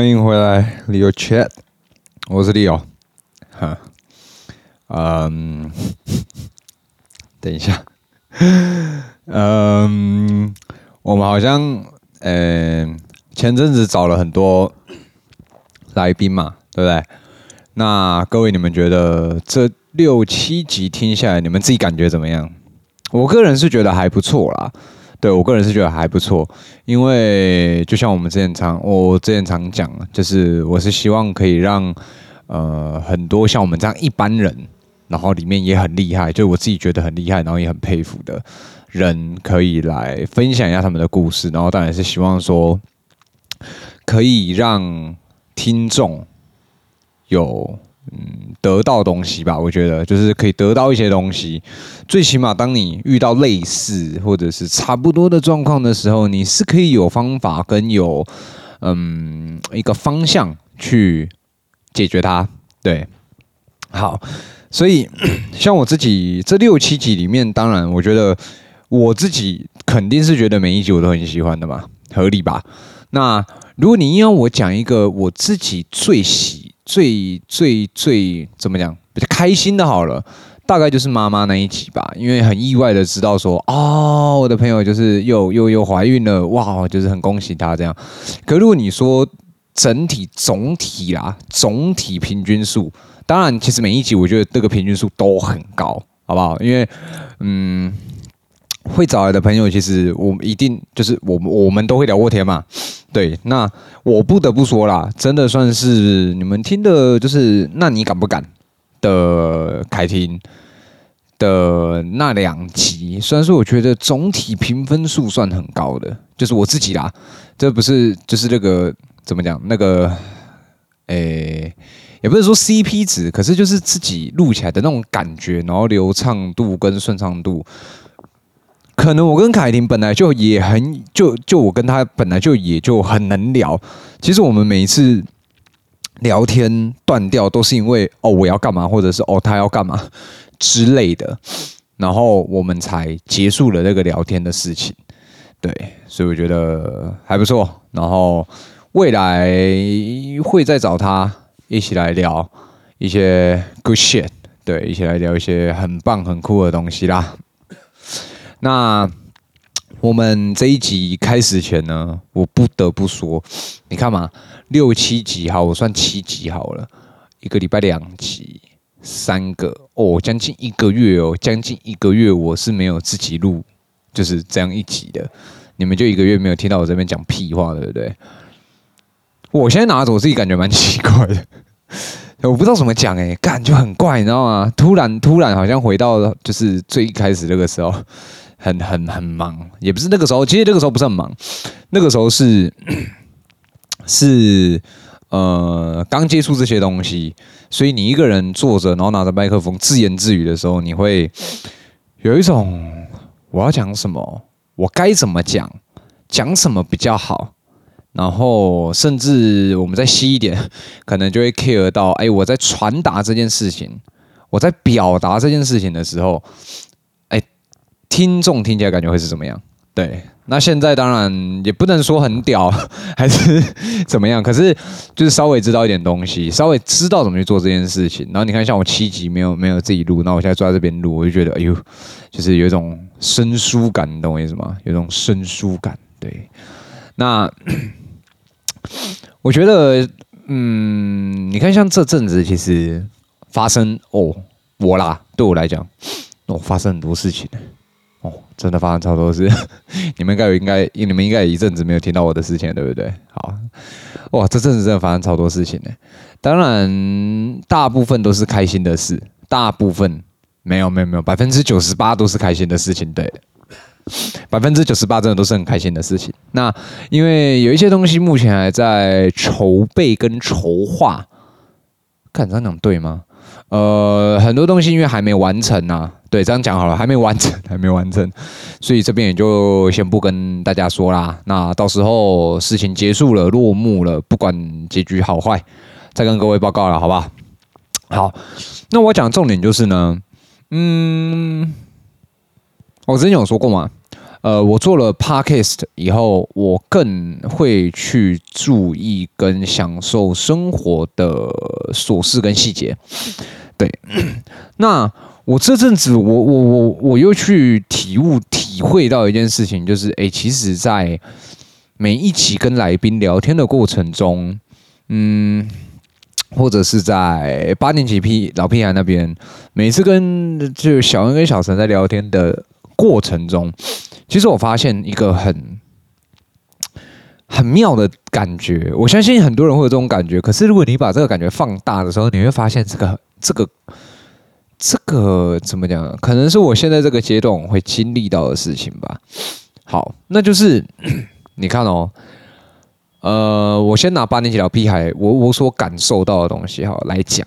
歡迎回來，Leo Chat，我是 Leo。哈，嗯，等一下，嗯，我們好像，嗯、哎，前陣子找了很多來賓嘛，對不對？那各位，你們覺得這六七集聽下來，你們自己感覺怎麼樣？我個人是覺得還不錯啦。對，我個人是覺得還不錯，因為就像我們之前常我之前常講，就是我是希望可以讓呃很多像我們這樣一般人，然後裡面也很厲害，就我自己覺得很厲害，然後也很佩服的人，可以來分享一下他們的故事，然後當然是希望說可以讓聽眾有。嗯，得到東西吧，我覺得就是可以得到一些東西。最起碼當你遇到類似或者是差不多的狀況的時候，你是可以有方法跟有嗯一個方向去解決它。對，好，所以像我自己這六七集裡面，當然我覺得我自己肯定是覺得每一集我都很喜歡的嘛，合理吧？那如果你要我講一個我自己最喜歡，最最最怎麼講比較開心的好了，大概就是媽媽那一集吧，因為很意外的知道說，哦，我的朋友就是又又又懷孕了，哇，就是很恭喜她這樣。可如果你說整體總體啦，總體平均數，當然其實每一集我覺得那個平均數都很高，好不好？因為，嗯。會找來的朋友，其實我們一定就是我們，我們都會聊過天嘛。對，那我不得不說啦，真的算是你們聽的，就是那你敢不敢的凱婷的那兩集，雖然說我覺得總體評分數算很高的，就是我自己啦，這不是就是那個怎麼講那個，誒、欸，也不是說 CP 值，可是就是自己錄起來的那種感覺，然後流暢度跟順暢度。可能我跟凱婷本來就也很就就我跟他本來就也就很能聊。其實我們每一次聊天斷掉，都是因為哦我要幹嘛，或者是哦他要幹嘛之類的，然後我們才結束了那個聊天的事情。對，所以我覺得還不錯。然後未來會再找他一起來聊一些 good shit，對，一起來聊一些很棒很酷的東西啦。那我們這一集開始前呢，我不得不說，你看嘛，六七集好，我算七集好了，一個禮拜兩集，三個哦，將近一個月哦，將近一個月我是沒有自己錄，就是這樣一集的，你們就一個月沒有聽到我這邊講屁話，對不對？我現在拿着我自己感覺蠻奇怪的， 我不知道怎麼講哎、欸，感覺很怪，你知道嗎？突然突然好像回到就是最一開始那個時候。很很很忙，也不是那個時候。其實那個時候不是很忙，那個時候是是呃剛接觸這些東西，所以你一個人坐着，然後拿着麥克風自言自語的時候，你會有一種我要講什麼，我該怎麼講，講什麼比較好。然後甚至我們再細一點，可能就會 care 到，哎、欸，我在傳達這件事情，我在表達這件事情的時候。聽眾聽起來感覺會是怎麼樣？對，那現在當然也不能說很屌還是怎麼樣，可是就是稍微知道一點東西，稍微知道怎麼去做這件事情。然後你看，像我七集沒有沒有自己錄，那我現在坐在這邊錄，我就覺得哎呦，就是有一種生疏感，你懂我意思嗎？有一種生疏感。對，那我覺得，嗯，你看像這陣子，其實發生哦我啦，對我來講，哦，我發生很多事情。哦、真的發生超多事， 你們應該有應該，你們應該有一陣子沒有聽到我的事情，對不對？好，哇，這陣子真的發生超多事情哎，當然，大部分都是開心的事，大部分沒有沒有沒有，百分之九十八都是開心的事情，對，百分之九十八真的都是很開心的事情。那因為有一些東西目前還在籌備跟籌劃，看這樣講對嗎？呃，很多東西因為還沒完成啊，對，這樣講好了，還沒完成，還沒完成，所以這邊也就先不跟大家說啦。那到時候事情結束了，落幕了，不管結局好壞，再跟各位報告了，好不好？好，那我講重點就是呢，嗯，我之前有說過嘛。呃，我做了 podcast 以後，我更會去注意跟享受生活的瑣事跟細節。對， 那我這陣子我，我我我我又去體悟、體會到一件事情，就是，哎，其實，在每一集跟來賓聊天的過程中，嗯，或者是在八年級批老屁孩那邊，每次跟就是小恩跟小陳在聊天的過程中。其實我發現一個很很妙的感覺，我相信很多人會有這種感覺。可是如果你把這個感覺放大的時候，你會發現這個這個這個怎麼講？可能是我現在這個階段我會經歷到的事情吧。好，那就是你看哦，呃，我先拿八年級老屁孩，我我所感受到的東西好來講。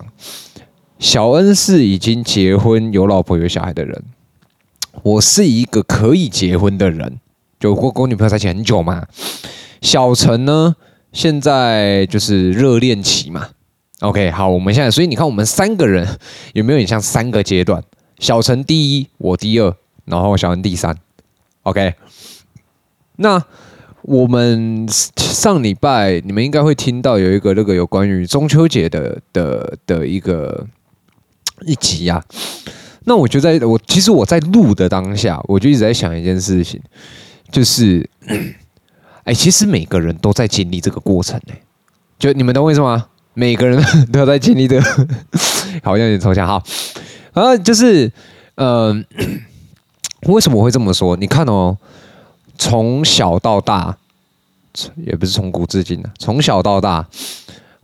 小恩是已經結婚有老婆有小孩的人。我是一個可以結婚的人，就和跟我女朋友在一起很久嘛。小陳呢，現在就是熱戀期嘛。OK，好，我們現在，所以你看，我們三個人有沒有像三個階段？小陳第一，我第二，然後小文第三。OK，那我們上禮拜你們應該會聽到有一個那個有關於中秋節的的的一個一集呀、啊。那我就在我其實我在錄的當下，我就一直在想一件事情，就是，哎，其實每個人都在經歷這個過程，哎，就你們懂我意思嗎？每個人都在經歷的、這個，好像有點抽象，好，然、啊、後就是，嗯、呃，為什麼會這麼說？你看哦，從小到大，也不是從古至今的、啊，從小到大。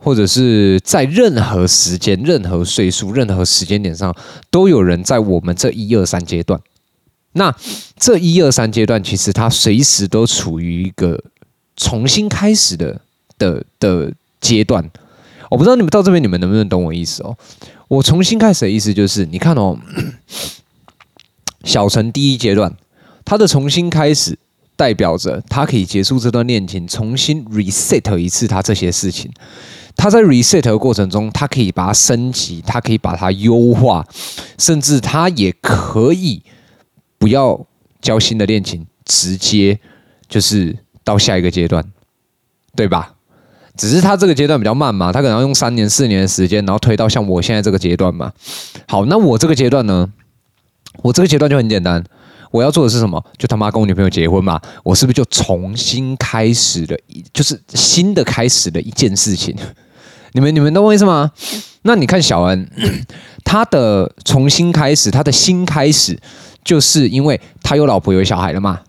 或者是在任何時間、任何歲數、任何時間點上，都有人在我們這一二三階段。那這一二三階段，其實它隨時都處於一個重新開始的的的階段。我、哦、不知道你們到這邊，你們能不能懂我意思哦？我重新開始的意思就是，你看哦，小陳第一階段，他的重新開始代表着他可以結束這段戀情，重新 reset 一次他這些事情。他在 reset 的過程中，他可以把它升級，他可以把它優化，甚至他也可以不要交新的戀情，直接就是到下一個階段，對吧？只是他這個階段比較慢嘛，他可能要用三年四年的時間，然後推到像我現在這個階段嘛。好，那我這個階段呢？我這個階段就很簡單，我要做的是什麼？就他媽跟我女朋友結婚嘛！我是不是就重新開始了一，就是新的開始的一件事情？你們你們懂我意思嗎？那你看小恩，他的重新開始，他的新開始，就是因為他有老婆有小孩了嘛。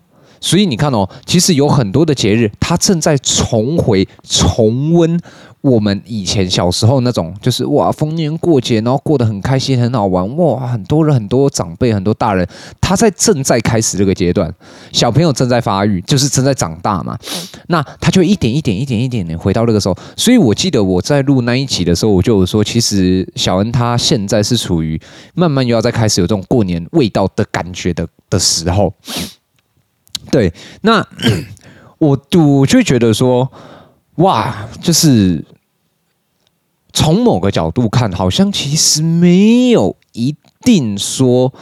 所以你看哦，其實有很多的節日，他正在重回、重溫。我們以前小時候那種，就是哇，逢年過節，然後過得很開心，很好玩哇，很多人、很多長輩、很多大人，他在正在開始這個階段，小朋友正在發育，就是正在長大嘛，那他就一點一點、一點一點的回到那個時候。所以我記得我在錄那一集的時候，我就有說，其實小恩他現在是處於慢慢又要再開始有這種過年味道的感覺的的時候。對，那我我就覺得說。哇，就是從某個角度看，好像其實沒有一定說，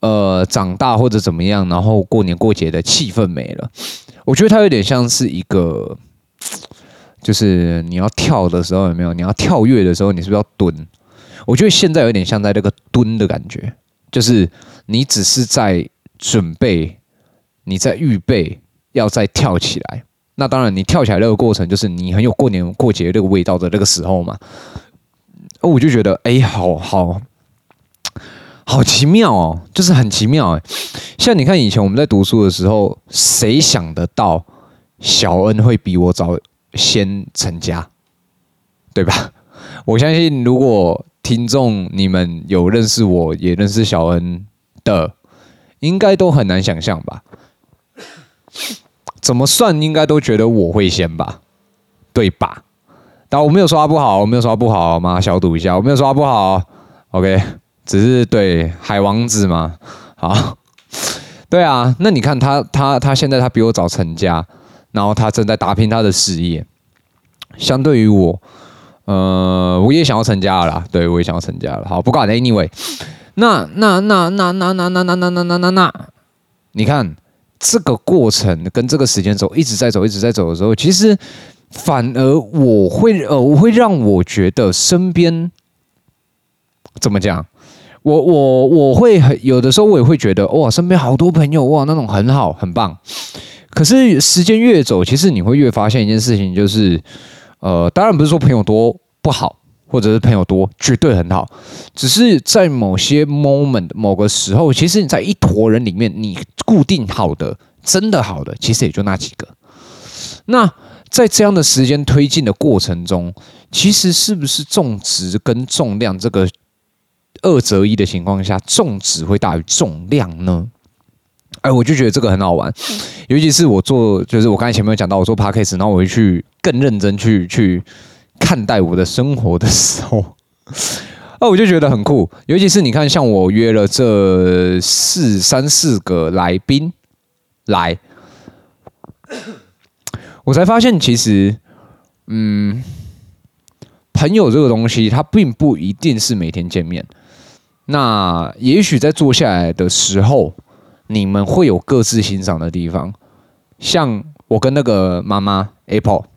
呃，長大或者怎麼樣，然後過年過節的氣氛沒了。我覺得它有點像是一個，就是你要跳的時候有沒有？你要跳躍的時候，你是不是要蹲？我覺得現在有點像在這個蹲的感覺，就是你只是在準備，你在預備要再跳起來。那當然，你跳起來那個過程，就是你很有過年過節那個味道的那個時候嘛。哦，我就覺得，哎，好好，好奇妙哦，就是很奇妙哎。像你看，以前我們在讀書的時候，誰想得到小恩會比我早先成家，對吧？我相信，如果聽眾你們有認識我，也認識小恩的，應該都很難想象吧。怎麼算應該都覺得我會先吧，對吧？但我沒有說他不好，我沒有說他不好好嗎？小賭一下，我沒有說他不好，OK。只是對海王子嘛，好。對啊，那你看他，他，他現在他比我早成家，然後他正在打拼他的事業。相對於我，呃，我也想要成家了啦，對，我也想要成家了。好，不管 anyway，那那那那那那那那那那那那那，你看。這個過程跟這個時間走一直在走一直在走的時候，其實反而我會呃，我會讓我覺得身邊怎麼講，我我我會很，有的時候我也會覺得哇，身邊好多朋友，哇，那種很好很棒，可是時間越走，其實你會越發現一件事情，就是呃，當然不是說朋友多不好。或者是朋友多，絕對很好。只是在某些 moment，某個時候，其實你在一坨人裡面，你固定好的、真的好的，其實也就那幾個。那在這樣的時間推進的過程中，其實是不是重質跟重量這個二擇一的情況下，重質會大於重量呢？哎，我就覺得這個很好玩，是尤其是我做，就是我剛才前面有講到，我做 podcast，然後我會去更認真去去。看待我的生活的時候，哦， 我就覺得很酷。尤其是你看，像我約了這四三四個來賓來，我才發現其實，嗯，朋友這個東西，它並不一定是每天見面。那也許在坐下來的時候，你們會有各自欣賞的地方。像我跟那個媽媽 Apple。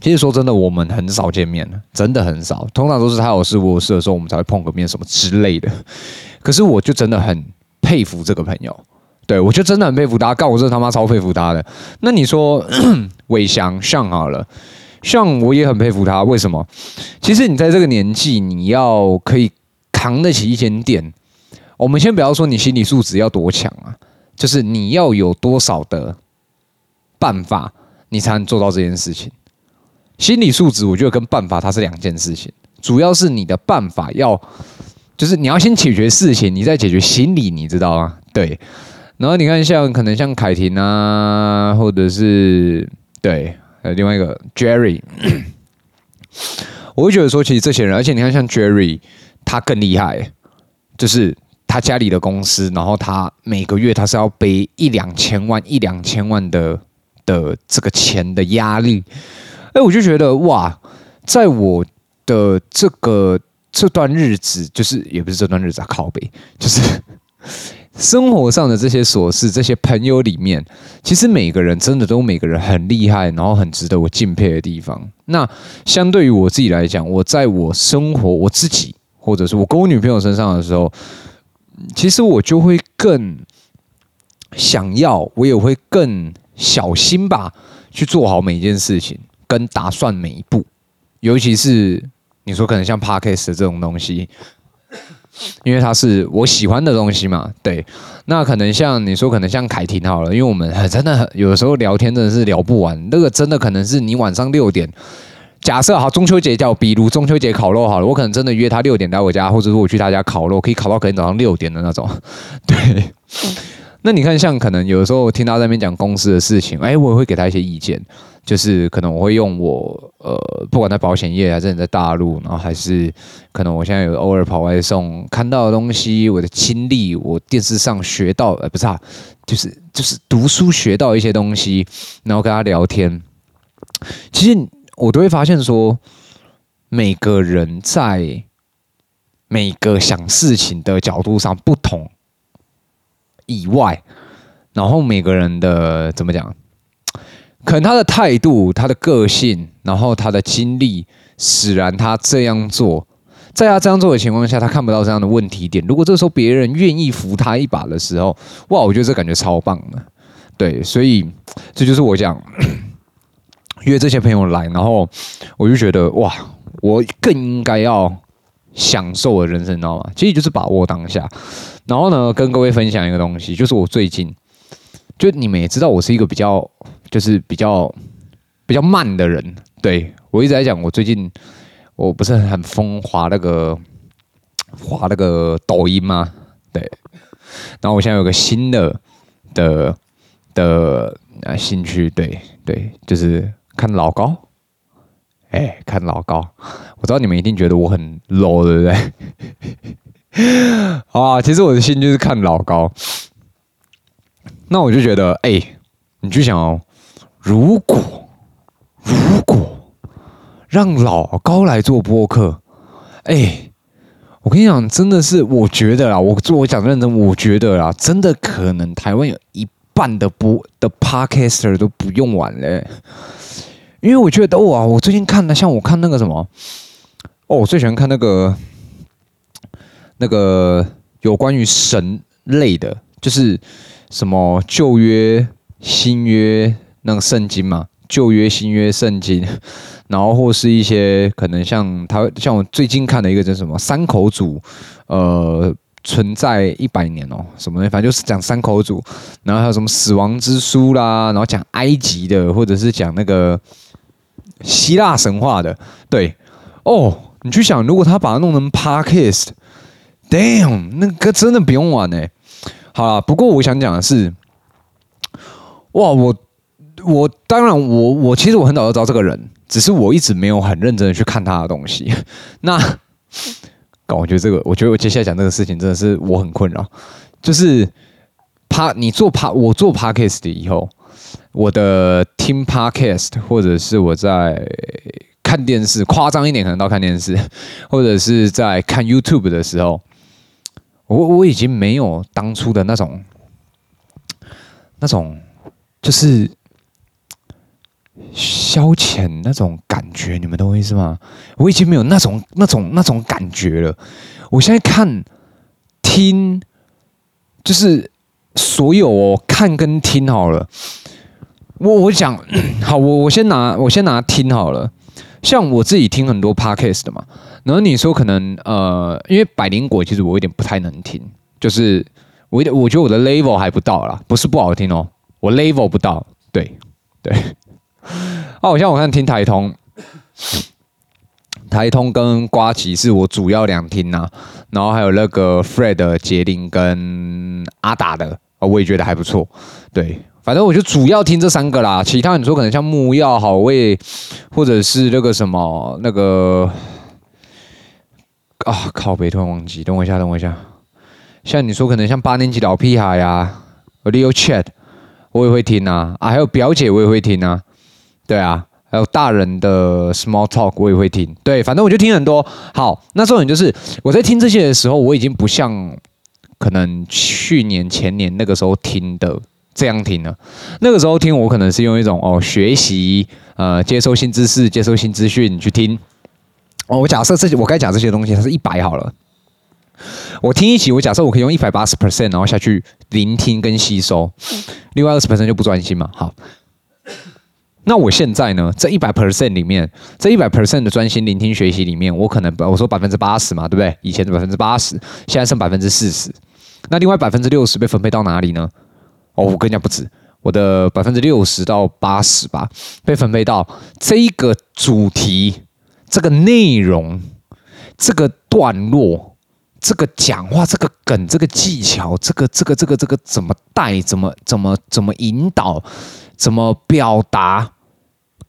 其實說真的，我們很少見面的，真的很少。通常都是他有事我有事的時候，我們才會碰個面什麼之類的。可是我就真的很佩服這個朋友，對我就真的很佩服他。幹，我真他媽超佩服他的。那你說，偉 翔像好了，像我也很佩服他。為什麼？其實你在這個年紀，你要可以扛得起一間店，我們先不要說你心理素質要多強啊，就是你要有多少的辦法，你才能做到這件事情。心理素質，我覺得跟辦法它是兩件事情。主要是你的辦法要，就是你要先解決事情，你再解決心理，你知道嗎？對。然後你看，像可能像凱婷啊，或者是對，還有另外一個 Jerry，我會覺得說，其實這些人，而且你看，像 Jerry，他更厲害，就是他家裡的公司，然後他每個月他是要背一兩千萬、一兩千萬的的這個錢的壓力。哎，欸、我就覺得哇，在我的這個這段日子，就是也不是這段日子啊，靠北，就是生活上的這些瑣事，這些朋友裡面，其實每個人真的都每個人很厲害，然後很值得我敬佩的地方。那相對於我自己來講，我在我生活我自己，或者是我跟我女朋友身上的時候，其實我就會更想要，我也會更小心吧，去做好每一件事情。跟打算每一步，尤其是你說可能像 podcast 這種東西，因為它是我喜歡的東西嘛。對，那可能像你說，可能像凱婷好了，因為我們真的有的時候聊天真的是聊不完。那個真的可能是你晚上六點，假設好中秋節叫，比如中秋節烤肉好了，我可能真的約他六點來我家，或者說我去他家烤肉，可以烤到可以早上六點的那種。對，那你看像可能有的時候我聽他在那邊講公司的事情，哎，我也會給他一些意見。就是可能我會用我呃，不管在保險業還是在大陸，然後還是可能我現在有偶爾跑外送，看到的東西，我的經歷，我電視上學到，呃，不是，啊，就是就是讀書學到一些東西，然後跟他聊天，其實我都會發現說，每個人在每個想事情的角度上不同以外，然後每個人的怎麼講？可能他的態度、他的個性，然後他的經歷，使然他這樣做。在他這樣做的情況下，他看不到這樣的問題點。如果這時候別人願意扶他一把的時候，哇，我覺得這感覺超棒的。對，所以這就是我講咳咳約這些朋友來，然後我就覺得哇，我更應該要享受我的人生，你知道嗎？其實就是把握當下。然後呢，跟各位分享一個東西，就是我最近。就你們也知道，我是一個比較就是比較比較慢的人。對，我一直在講，我最近我不是很瘋滑那個滑那個抖音嗎、啊？對。然後我現在有個新的的的、啊、興趣，對對，就是看老高。哎，看老高，我知道你們一定覺得我很 low，對不對？ 啊，其實我的興趣是看老高。那我就覺得，哎、欸，你去想哦，如果如果讓老高來做播客，哎、欸，我跟你講，真的是，我覺得啊。我做我講認真，我覺得啊，真的可能台灣有一半的播的 Podcaster 都不用玩嘞，因為我覺得哇、哦啊、我最近看的，像我看那個什麼，哦，我最喜歡看那個那個有關於神類的，就是。什麼舊約、新約那個聖經嘛？舊約、新約聖經，然後或是一些可能像他像我最近看的一個叫什麼《山口組》，呃，存在一百年哦、喔，什麼的，反正就是講山口組，然後還有什麼《死亡之書》啦，然後講埃及的，或者是講那個希臘神話的。對哦，oh, 你去想，如果他把它弄成 podcast，damn，那個真的不用玩呢、欸。好了，不過我想講的是，哇，我我當然我我其實我很早就知道這個人，只是我一直沒有很認真的去看他的東西。那，搞，我覺得這個，我覺得我接下來講這個事情真的是我很困擾，就是，他，你做帕，我做 podcast 以後，我的聽 podcast，或者是我在看電視，誇張一點可能到看電視，或者是在看 YouTube 的時候。我我已經沒有當初的那種那種就是消遣那種感覺，你們懂我意思嗎？我已經沒有那種那種那種感覺了。我現在看聽就是所有哦，看跟聽好了。我我講好，我我先拿我先拿聽好了。像我自己聽很多 Podcast 的嘛。然後你說可能呃，因為百靈果其實我有點不太能聽，就是我一點我覺得我的 level 還不到啦，不是不好聽哦，我 level 不到，對對。哦，像我看聽台通，台通跟呱吉是我主要兩聽吶、啊，然後還有那個 Fred 杰林跟阿達的、哦，我也覺得還不錯，對，反正我就主要聽這三個啦，其他你說可能像木曜好味，或者是那個什麼那個。啊、哦、靠北！別突然忘記，等我一下，等我一下。像你說，可能像八年級老屁孩呀、啊，radio chat，我也會聽啊。啊，還有表姐，我也會聽啊。對啊，還有大人的 small talk，我也會聽。對，反正我就聽很多。好，那重點就是我在聽這些的時候，我已經不像可能去年、前年那個時候聽的這樣聽了。那個時候聽，我可能是用一種哦，學習呃，接收新知識、接收新資訊去聽。哦，我假設這我該講這些東西，它是一百好了。我聽一集，我假設我可以用一百八十 percent，然後下去聆聽跟吸收，另外二十 percent 就不專心嘛。好，那我現在呢，這一百 percent 裡面，這一百 percent 的專心聆聽學習裡面，我可能我說百分之八十嘛，對不對？以前的百分之八十，現在剩百分之四十。那另外百分之六十被分配到哪裡呢？哦，我跟你講，不止，我的百分之六十到八十吧，被分配到這個主題。這個內容，這個段落，這個講話，這個梗，這個技巧，這個這個這個這個怎麼帶，怎麼怎麼怎麼引導，怎麼表達，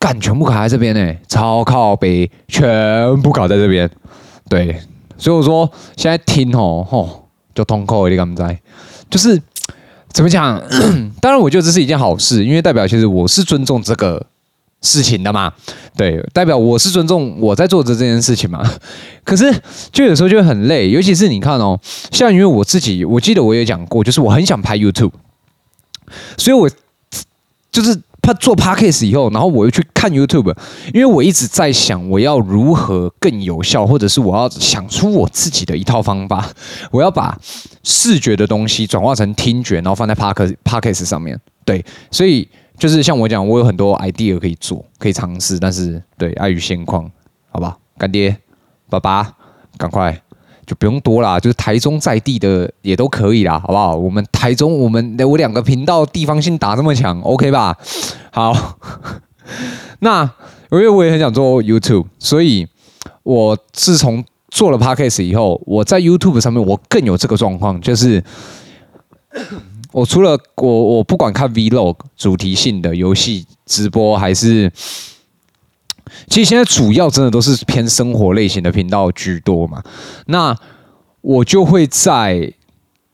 幹全部搞在這邊呢，超靠北，全部搞在這邊。對，所以我說現在聽哦吼，就通扣一點，怎麼在，就是怎麼講？咳咳當然，我覺得這是一件好事，因為代表其實我是尊重這個。事情的嘛，對，代表我是尊重我在做的這件事情嘛。可是就有時候就會很累，尤其是你看哦，像因為我自己，我記得我也講過，就是我很想拍 YouTube，所以我就是他做 Podcast 以後，然後我又去看 YouTube，因為我一直在想我要如何更有效，或者是我要想出我自己的一套方法，我要把視覺的東西轉化成聽覺，然後放在 Podcast Podcast 上面，對，所以。就是像我講，我有很多 idea 可以做，可以嘗試，但是對礙於現況，好吧，乾爹，爸爸，趕快就不用多啦，就是台中在地的也都可以啦，好不好？我們台中，我們的我兩個頻道地方性打這麼強，OK 吧？好， 那因為我也很想做 YouTube，所以我自從做了 podcast 以後，我在 YouTube 上面我更有這個狀況，就是。 我除了我我不管看 vlog 主題性的遊戲直播還是，其實現在主要真的都是偏生活類型的頻道居多嘛。那我就會在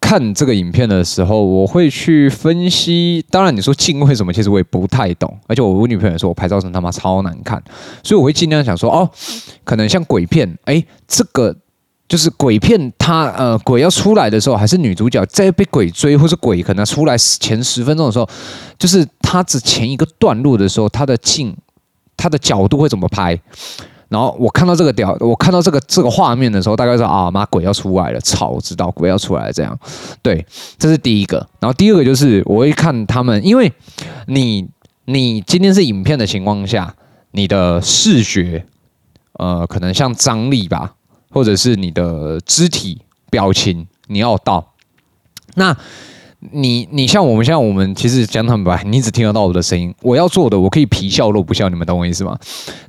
看這個影片的時候，我會去分析。當然你說敬畏什麼，其實我也不太懂。而且我我女朋友說我拍照真的他媽超難看，所以我會盡量想說哦，可能像鬼片，哎、欸，這個。就是鬼片，他呃，鬼要出來的時候，還是女主角在被鬼追，或者鬼可能出來前十分鐘的時候，就是他之前一個段落的時候，他的鏡，他的角度會怎麼拍？然後我看到這個屌，我看到這個這個畫面的時候，大概說啊媽，鬼要出來了！操，我知道鬼要出來了！這樣，對，這是第一個。然後第二個就是我會看他們，因為你你今天是影片的情況下，你的視覺，呃，可能像張力吧。或者是你的肢體表情，你要到。那你你像我們，像我們其實講坦白，你只聽得到我的聲音。我要做的，我可以皮笑肉不笑，你們懂我意思嗎？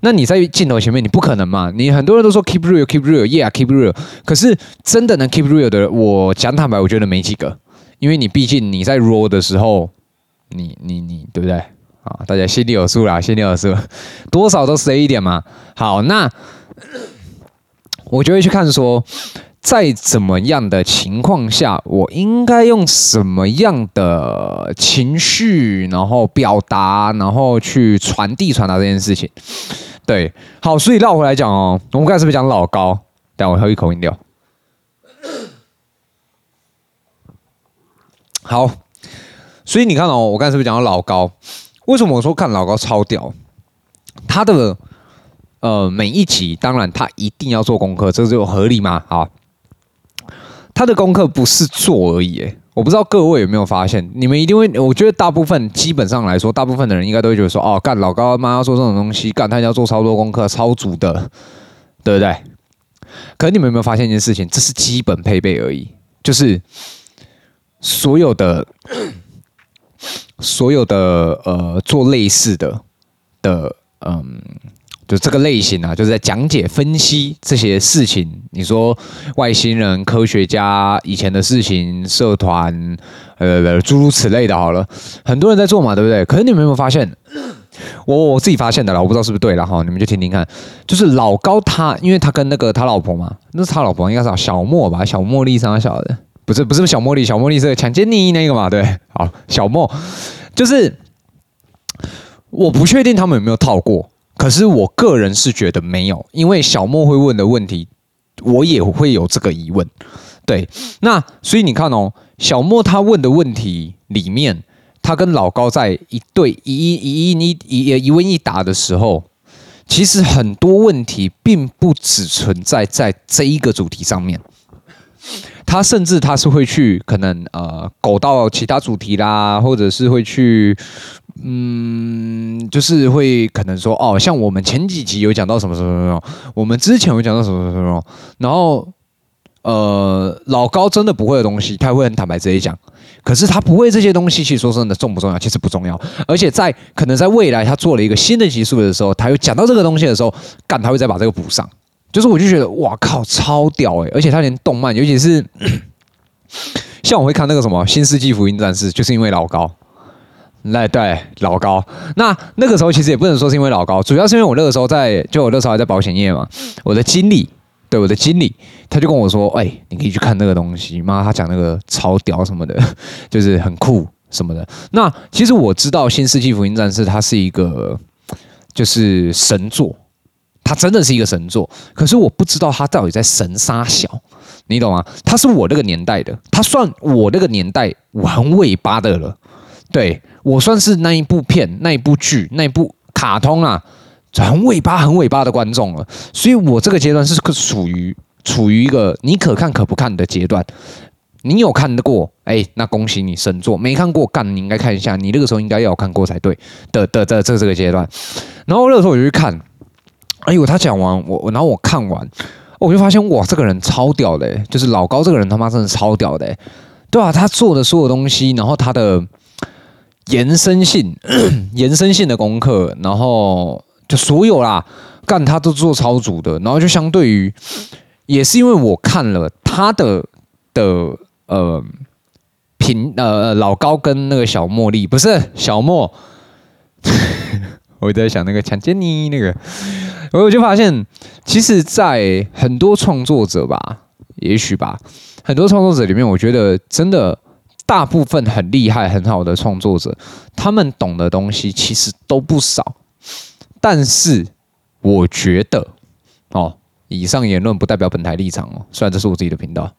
那你在鏡頭前面，你不可能嘛。你很多人都說 keep real，keep real，yeah，keep real，可是真的能 keep real 的人，我講坦白，我覺得沒幾個。因為你畢竟你在 roll 的時候，你你你對不對啊？大家心裡有數啦，心裡有數，多少都賊一點嘛。好，那。我就會去看，說在怎麼樣的情況下，我應該用什麼樣的情緒，然後表達，然後去傳遞傳達這件事情。對，好，所以繞回來講哦，我們剛才是不是講老高？等我喝一口飲料。好，所以你看哦、喔，我剛才是不是講到老高？為什麼我說看老高超屌？他的。呃，每一集當然他一定要做功課，這就有合理嗎？啊，他的功課不是做而已，我不知道各位有沒有發現，你們一定會，我覺得大部分基本上來說，大部分的人應該都會覺得說，哦，幹老高媽要做這種東西，幹他要做超多功課，超足的，對不對？可是你們有沒有發現一件事情？這是基本配備而已，就是所有的所有的呃，做類似的的，嗯。就這個類型啊，就是在講解分析這些事情。你說外星人、科學家以前的事情、社團，呃，諸如此類的。好了，很多人在做嘛，對不對？可是你們有沒有發現？我我自己發現的了，我不知道是不是對了哈、哦。你們就聽聽看，就是老高他，因為他跟那個他老婆嘛，那是他老婆，應該是小莫吧？小茉莉是他小的不是不是小茉莉，小茉莉是強姦你那個嘛？對，好，小莫就是我不確定他們有沒有套過。可是我個人是覺得沒有，因為小莫會問的問題，我也會有這個疑問。對，那所以你看哦，小莫他問的問題裡面，他跟老高在一對一一一一一一問一一答的時候，其實很多問題並不只存在在這一個主題上面，他甚至他是會去可能呃勾到其他主題啦，或者是會去。嗯，就是會可能說哦，像我們前幾集有講到什麼什麼什麼，我們之前有講到什麼什麼什麼，然後呃，老高真的不會的東西，他會很坦白直接講。可是他不會這些東西，其實說真的重不重要？其實不重要。而且在可能在未來他做了一個新的技術的時候，他又講到這個東西的時候，幹他會再把這個補上。就是我就覺得哇靠，超屌誒、欸，而且他連動漫，尤其是像我會看那個什麼《新世紀福音戰士》，就是因為老高。哎，那對老高，那那個時候其實也不能說是因為老高，主要是因為我那個時候在，就我那個時候還在保險業嘛。我的經理，對，我的經理，他就跟我說：“哎、欸，你可以去看那個東西，媽，他講那個超屌什麼的，就是很酷什麼的。”那，那其實我知道《新世紀福音戰士》它是一個就是神作，它真的是一個神作。可是我不知道它到底在神殺小，你懂嗎？它是我那個年代的，它算我那個年代玩尾巴的了。對，我算是那一部片、那一部劇、那一部卡通啊，很尾巴、很尾巴的觀眾了，所以我這個階段是可屬於處於一個你可看可不看的階段。你有看得過？哎、欸，那恭喜你神作。沒看過，幹，你應該看一下。你那個時候應該要有看過才對的的的這個這個階段。然後那個時候我就去看，哎呦，他講完我然後我看完，我就發現哇，這個人超屌的、欸，就是老高這個人他媽真的超屌的、欸，對啊，他做的所有東西，然後他的。延伸性咳咳、延伸性的功課，然後就所有啦，干他都做超主的，然後就相對於，也是因為我看了他的的呃評呃老高跟那個小茉莉，不是小莫， 我在想那個強杰你那個，我就發現，其實，在很多創作者吧，也許吧，很多創作者裡面，我覺得真的。大部分很厲害、很好的創作者，他們懂的東西其實都不少，但是我覺得，哦，以上言論不代表本台立場哦。雖然這是我自己的頻道，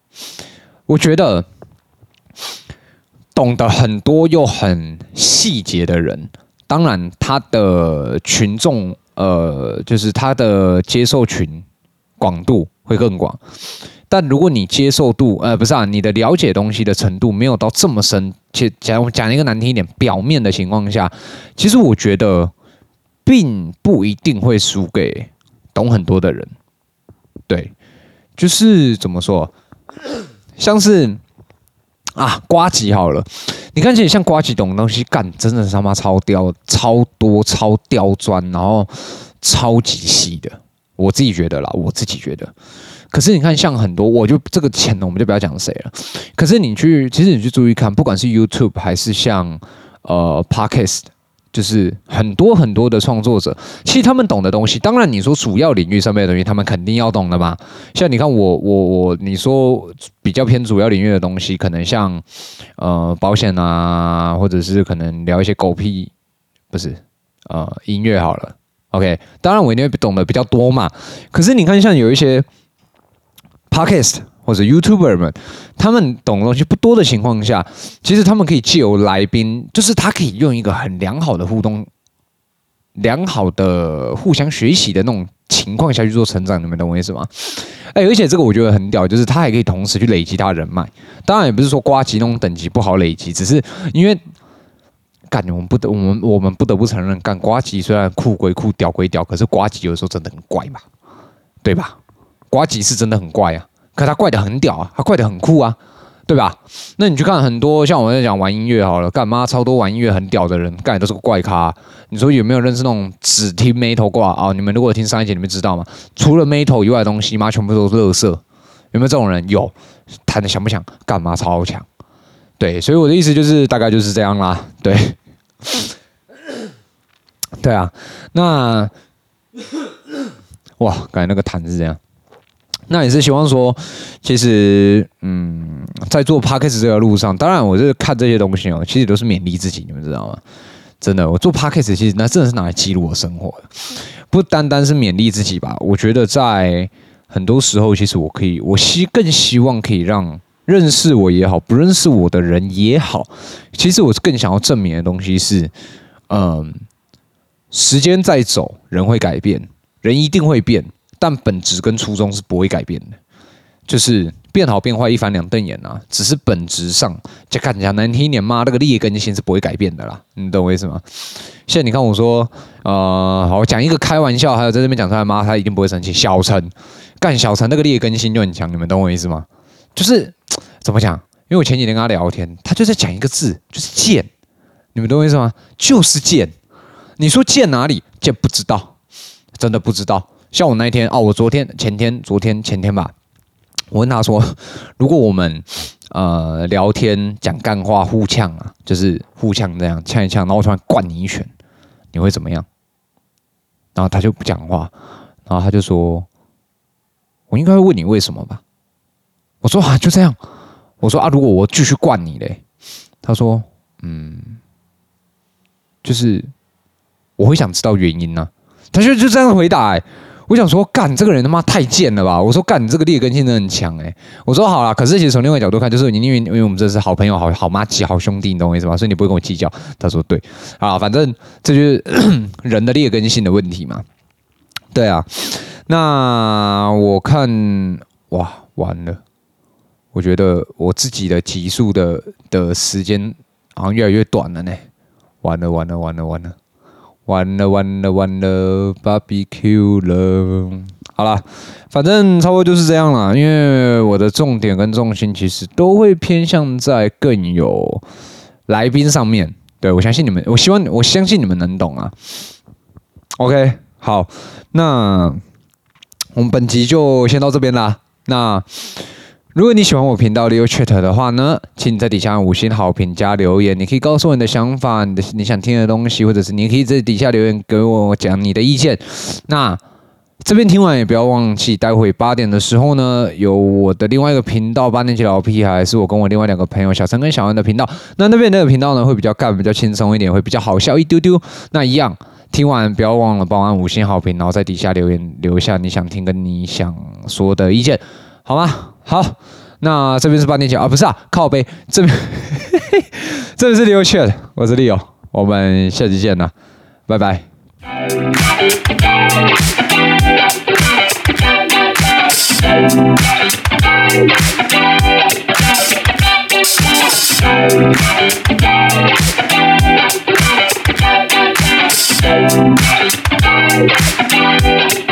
我覺得懂得很多又很細節的人，當然他的群眾，呃，就是他的接受群廣度會更廣。但如果你接受度，呃，不是啊，你的了解東西的程度沒有到這麼深，且講講一個難聽一點，表面的情況下，其實我覺得並不一定會輸給懂很多的人。對，就是怎麼說，像是啊，呱吉好了，你看起來像呱吉懂的東西幹，真的是他媽超刁，超多超刁鑽，然後超級細的。我自己覺得啦，我自己覺得。可是你看，像很多，我就這個錢呢，我們就不要講誰了。可是你去，其實你去注意看，不管是 YouTube 還是像呃 Podcast，就是很多很多的創作者，其實他們懂的東西，當然你說主要領域上面的東西，他們肯定要懂的吧。像你看我我我，你說比較偏主要領域的東西，可能像呃保險啊，或者是可能聊一些狗屁，不是，呃，音樂好了。OK，當然我一定會懂得比較多嘛，可是你看像有一些，Podcast 或者 YouTuber 們，他們懂的東西不多的情況下，其實他們可以借由來賓，就是他可以用一個很良好的互動、良好的互相學習的那種情況下去做成長，你們懂我意思嗎？哎、欸，而且這個我覺得很屌，就是他還可以同時去累積他人脈。當然也不是說呱吉那種等級不好累積，只是因為。幹，我們不得，我們我們不得不承認，幹呱吉雖然酷歸酷，屌歸屌，可是呱吉有時候真的很怪嘛，對吧？呱吉是真的很怪啊，可他怪得很屌啊，他怪得很酷啊，對吧？那你去看很多像我在講玩音樂好了，幹媽超多玩音樂很屌的人，幹也都是個怪咖、啊。你說有沒有認識那種只聽 Metal 掛啊、哦？你們如果聽上一集，你們知道嗎？除了 Metal 以外的東西，媽全部都是垃圾。有沒有這種人？有，彈的強不強，幹嘛超強。對，所以我的意思就是大概就是這樣啦，對。對啊，那哇，感覺那個毯，是這樣。那也是希望說，其實，嗯，在做 podcast 這條路上，當然我就是看這些東西哦，其實都是勉勵自己，你們知道嗎？真的，我做 podcast 其實那真的是拿來記錄我生活的，不單單是勉勵自己吧。我覺得在很多時候，其實我可以，我希更希望可以讓。認識我也好，不認識我的人也好，其實我更想要證明的東西是，嗯，時間在走，人會改變，人一定會變，但本質跟初衷是不會改變的。就是變好變壞一翻兩瞪眼啊，只是本質上，就講難聽一點嘛，那個劣根性是不會改變的啦，你懂我意思嗎？現在你看我說，呃，好，講一個開玩笑，還有在這邊講出來，嘛他一定不會生氣。小陳，幹小陳那個劣根性就很強，你們懂我意思嗎？就是怎麼講？因為我前幾天跟他聊天，他就在講一個字，就是“賤”。你們懂我意思嗎？就是“賤”。你說“賤”哪裡？賤不知道，真的不知道。像我那一天啊，我昨天、前天、昨天、前天吧，我問他說：“如果我們呃聊天講幹話互嗆啊，就是互嗆這樣嗆一嗆，然後我突然灌你一拳，你會怎麼樣？”然後他就不講話，然後他就說：“我應該會問你為什麼吧。”我說啊，就這樣。我說啊，如果我繼續慣你嘞？他說，嗯，就是我會想知道原因呢、啊。他就就這樣回答、哎。我想說，幹這個人他媽太賤了吧！我說，幹你這個劣根性真的很強。哎，我說好了，可是其實從另外一個角度看，就是你因為因為我們這是好朋友好，好麻吉好兄弟，你懂我意思嗎？所以你不會跟我計較。他說對，啊，反正這就是咳咳人的劣根性的問題嘛。對啊，那我看哇，完了。我覺得我自己的極速的的時間好像越來越短了呢，完了完了完了完了完了完了完了，芭比 Q 了。好了，反正差不多就是這樣了，因為我的重點跟重心其實都會偏向在更有來賓上面。對，我相信你們，我希望，我相信你們能懂啊。OK，好，那我們本集就先到這邊啦。那。如果你喜歡我頻道的 YouTube 的話呢，請你在底下按五星好評加留言。你可以告訴我你的想法，你的你想聽的東西，或者是你可以在底下留言給我講你的意見。那這邊聽完也不要忘記，待會八點的時候呢，有我的另外一個頻道八年級老屁孩，還是我跟我另外兩個朋友小陳跟小安的頻道。那那邊那個頻道呢，會比較干，比較輕鬆一點，會比較好笑一丟丟。那一樣，聽完不要忘了幫我按五星好評，然後在底下留言留下你想聽跟你想說的意見，好嗎？好，那這邊是八點九啊，不是啊，靠背這邊，這邊是利歐圈，我是利歐，我們下期見吶，拜拜。嗯嗯